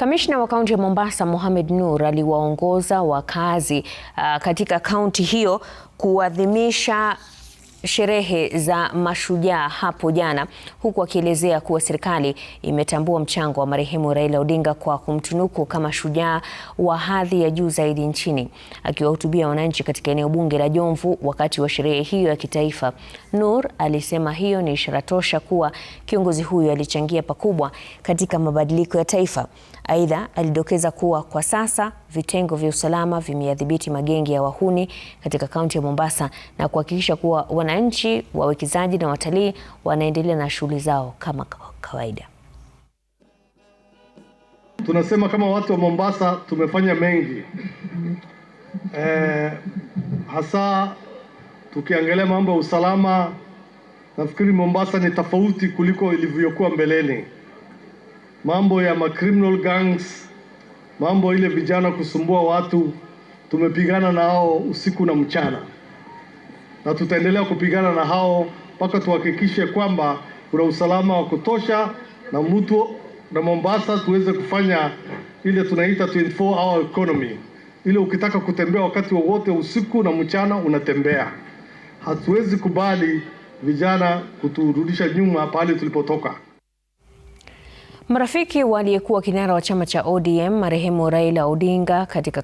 Kamishna wa kaunti ya Mombasa Mohamed Nur aliwaongoza wakazi uh, katika kaunti hiyo kuadhimisha sherehe za mashujaa hapo jana, huku akielezea kuwa serikali imetambua mchango wa marehemu Raila Odinga kwa kumtunuku kama shujaa wa hadhi ya juu zaidi nchini. Akiwahutubia wananchi katika eneo bunge la Jomvu wakati wa sherehe hiyo ya kitaifa, Nur alisema hiyo ni ishara tosha kuwa kiongozi huyo alichangia pakubwa katika mabadiliko ya taifa. Aidha, alidokeza kuwa kwa sasa vitengo vya usalama vimeyadhibiti magengi ya wahuni katika kaunti ya Mombasa na kuhakikisha kuwa wananchi, wawekezaji na watalii wanaendelea na shughuli zao kama kawaida. Tunasema kama watu wa Mombasa tumefanya mengi mm-hmm. eh, hasa tukiangalia mambo ya usalama. Nafikiri Mombasa ni tofauti kuliko ilivyokuwa mbeleni, mambo ya ma criminal gangs mambo ile vijana kusumbua watu, tumepigana na hao usiku na mchana, na tutaendelea kupigana na hao mpaka tuhakikishe kwamba kuna usalama wa kutosha na mtu na Mombasa tuweze kufanya ile tunaita 24 hour economy, ile ukitaka kutembea wakati wowote wa usiku na mchana unatembea. Hatuwezi kubali vijana kuturudisha nyuma pale tulipotoka. Marafiki waliyekuwa kinara wa chama cha ODM marehemu Raila Odinga katika